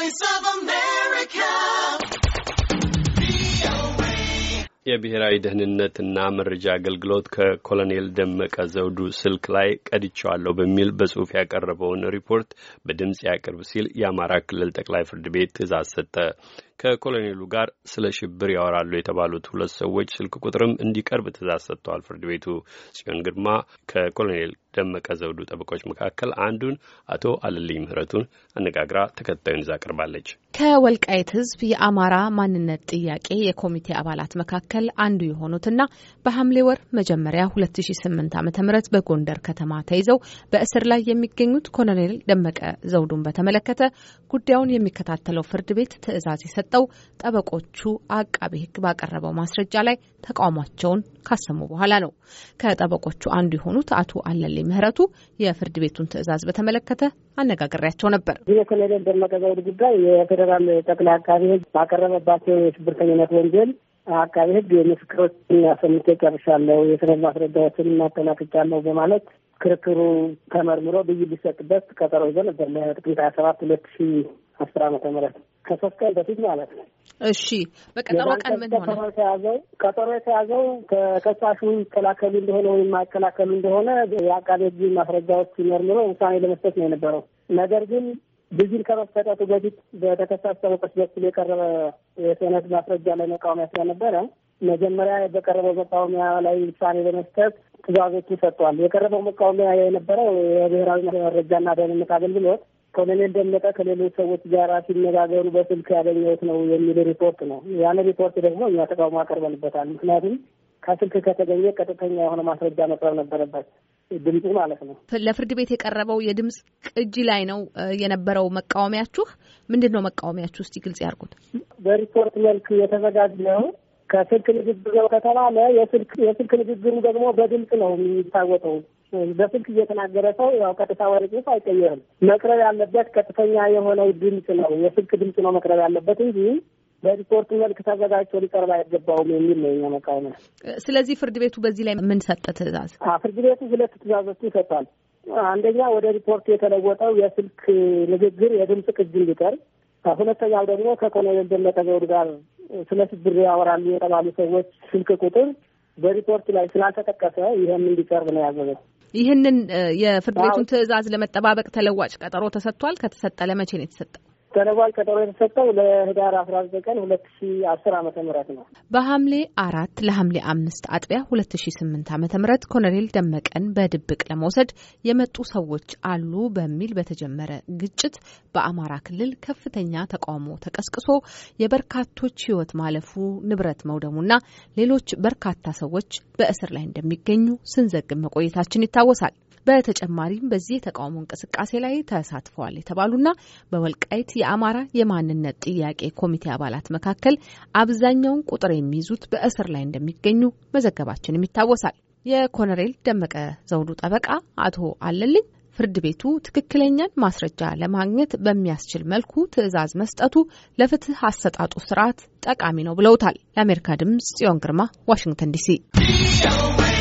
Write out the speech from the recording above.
Voice of America. የብሔራዊ ደህንነትና መረጃ አገልግሎት ከኮሎኔል ደመቀ ዘውዱ ስልክ ላይ ቀድቸዋለሁ በሚል በጽሁፍ ያቀረበውን ሪፖርት በድምፅ ያቅርብ ሲል የአማራ ክልል ጠቅላይ ፍርድ ቤት ትእዛዝ ሰጠ። ከኮሎኔሉ ጋር ስለ ሽብር ያወራሉ የተባሉት ሁለት ሰዎች ስልክ ቁጥርም እንዲቀርብ ትእዛዝ ሰጥተዋል ፍርድ ቤቱ። ጽዮን ግርማ ከኮሎኔል ደመቀ ዘውዱ ጠበቆች መካከል አንዱን አቶ አለልኝ ምህረቱን አነጋግራ ተከታዩን ይዛ ቀርባለች። ከወልቃይት ሕዝብ የአማራ ማንነት ጥያቄ የኮሚቴ አባላት መካከል አንዱ የሆኑትና በሐምሌ ወር መጀመሪያ 2008 ዓ ም በጎንደር ከተማ ተይዘው በእስር ላይ የሚገኙት ኮሎኔል ደመቀ ዘውዱን በተመለከተ ጉዳዩን የሚከታተለው ፍርድ ቤት ትእዛዝ ይሰጥ ሰጥተው ጠበቆቹ አቃቢ ሕግ ባቀረበው ማስረጃ ላይ ተቃውሟቸውን ካሰሙ በኋላ ነው። ከጠበቆቹ አንዱ የሆኑት አቶ አለሌ ምህረቱ የፍርድ ቤቱን ትዕዛዝ በተመለከተ አነጋግሬያቸው ነበር። ይህ የኮሎኔል ደመቀ ዘውዱ ጉዳይ የፌዴራል ጠቅላይ አቃቤ ሕግ ባቀረበባቸው የሽብርተኝነት ወንጀል አቃቤ ሕግ ምስክሮች አሰምቼ ጨርሻለሁ፣ የሰነድ ማስረጃዎችን እናጠናቅቻለሁ በማለት ክርክሩ ተመርምሮ ብይ ሊሰጥበት ቀጠሮ ይዞ ነበር ለጥቅምት ሀያ ሰባት ሁለት ሺ አስር አመተ ምህረት ከሶስት በፊት ማለት ነው። እሺ በቀጠሮ ቀን ምን ሆነ? የተያዘው ቀጠሮ የተያዘው ከከሳሹ ይከላከሉ እንደሆነ ወይም ማይከላከሉ እንደሆነ የአቃቤ ሕግ ማስረጃዎች መርምሮ ውሳኔ ለመስጠት ነው የነበረው። ነገር ግን ብዚን ከመፈጠቱ በፊት በተከሳሽ ጠበቆች በኩል የቀረበ የሰነድ ማስረጃ ላይ መቃወሚያ ስለነበረ መጀመሪያ በቀረበው መቃወሚያ ላይ ውሳኔ ለመስጠት ትዕዛዞቹ ሰጥቷል። የቀረበው መቃወሚያ የነበረው የብሔራዊ መረጃና ደህንነት አገልግሎት ኮሎኔል ደመቀ ከሌሎች ሰዎች ጋር ሲነጋገሩ በስልክ ያገኘሁት ነው የሚል ሪፖርት ነው። ያን ሪፖርት ደግሞ እኛ ተቃውሞ አቀርበንበታል። ምክንያቱም ከስልክ ከተገኘ ቀጥተኛ የሆነ ማስረጃ መቅረብ ነበረበት፣ ድምፁ ማለት ነው። ለፍርድ ቤት የቀረበው የድምፅ ቅጂ ላይ ነው የነበረው መቃወሚያችሁ። ምንድን ነው መቃወሚያችሁ? እስቲ ግልጽ ያርጉት። በሪፖርት መልክ የተዘጋጀው ነው። ከስልክ ንግግር ነው ከተባለ የስልክ ንግግሩ ደግሞ በድምፅ ነው የሚታወቀው። በስልክ እየተናገረ ሰው ያው ቀጥታ ወደ ጽሁፍ አይቀየርም። መቅረብ ያለበት ቀጥተኛ የሆነው ድምፅ ነው፣ የስልክ ድምፅ ነው መቅረብ ያለበት እንጂ በሪፖርት መልክ ተዘጋጅቶ ሊቀርብ አይገባውም የሚል ነው የእኛ መቃወሚያ። ስለዚህ ፍርድ ቤቱ በዚህ ላይ ምን ሰጠ ፍርድ ቤቱ ሁለት ትእዛዞች ሰጥቷል። አንደኛ ወደ ሪፖርት የተለወጠው የስልክ ንግግር የድምፅ ቅጅ እንዲቀርብ፣ ሁለተኛው ደግሞ ከኮሎኔል ደመቀ ዘውዱ ጋር ስለ ሽብር ያወራሉ የተባሉ ሰዎች ስልክ ቁጥር በሪፖርት ላይ ስላልተጠቀሰ ይህም እንዲቀርብ ነው ያዘዘው። ይህንን የፍርድ ቤቱን ትዕዛዝ ለመጠባበቅ ተለዋጭ ቀጠሮ ተሰጥቷል። ከተሰጠ ለመቼ ነው የተሰጠው? ተለዋጭ ቀጠሮ የተሰጠው ለህዳር አስራ ዘጠኝ ቀን ሁለት ሺ አስር አመተ ምህረት ነው። በሐምሌ አራት ለሐምሌ አምስት አጥቢያ ሁለት ሺ ስምንት አመተ ምህረት ኮሎኔል ደመቀን በድብቅ ለመውሰድ የመጡ ሰዎች አሉ በሚል በተጀመረ ግጭት በአማራ ክልል ከፍተኛ ተቃውሞ ተቀስቅሶ የበርካቶች ህይወት ማለፉ፣ ንብረት መውደሙና ሌሎች በርካታ ሰዎች በእስር ላይ እንደሚገኙ ስንዘግብ መቆየታችን ይታወሳል። በተጨማሪም በዚህ የተቃውሞ እንቅስቃሴ ላይ ተሳትፈዋል የተባሉና በወልቃይት የአማራ የማንነት ጥያቄ ኮሚቴ አባላት መካከል አብዛኛውን ቁጥር የሚይዙት በእስር ላይ እንደሚገኙ መዘገባችንም ይታወሳል። የኮሎኔል ደመቀ ዘውዱ ጠበቃ አቶ አለልኝ ፍርድ ቤቱ ትክክለኛን ማስረጃ ለማግኘት በሚያስችል መልኩ ትዕዛዝ መስጠቱ ለፍትህ አሰጣጡ ስርዓት ጠቃሚ ነው ብለውታል። ለአሜሪካ ድምጽ ጽዮን ግርማ ዋሽንግተን ዲሲ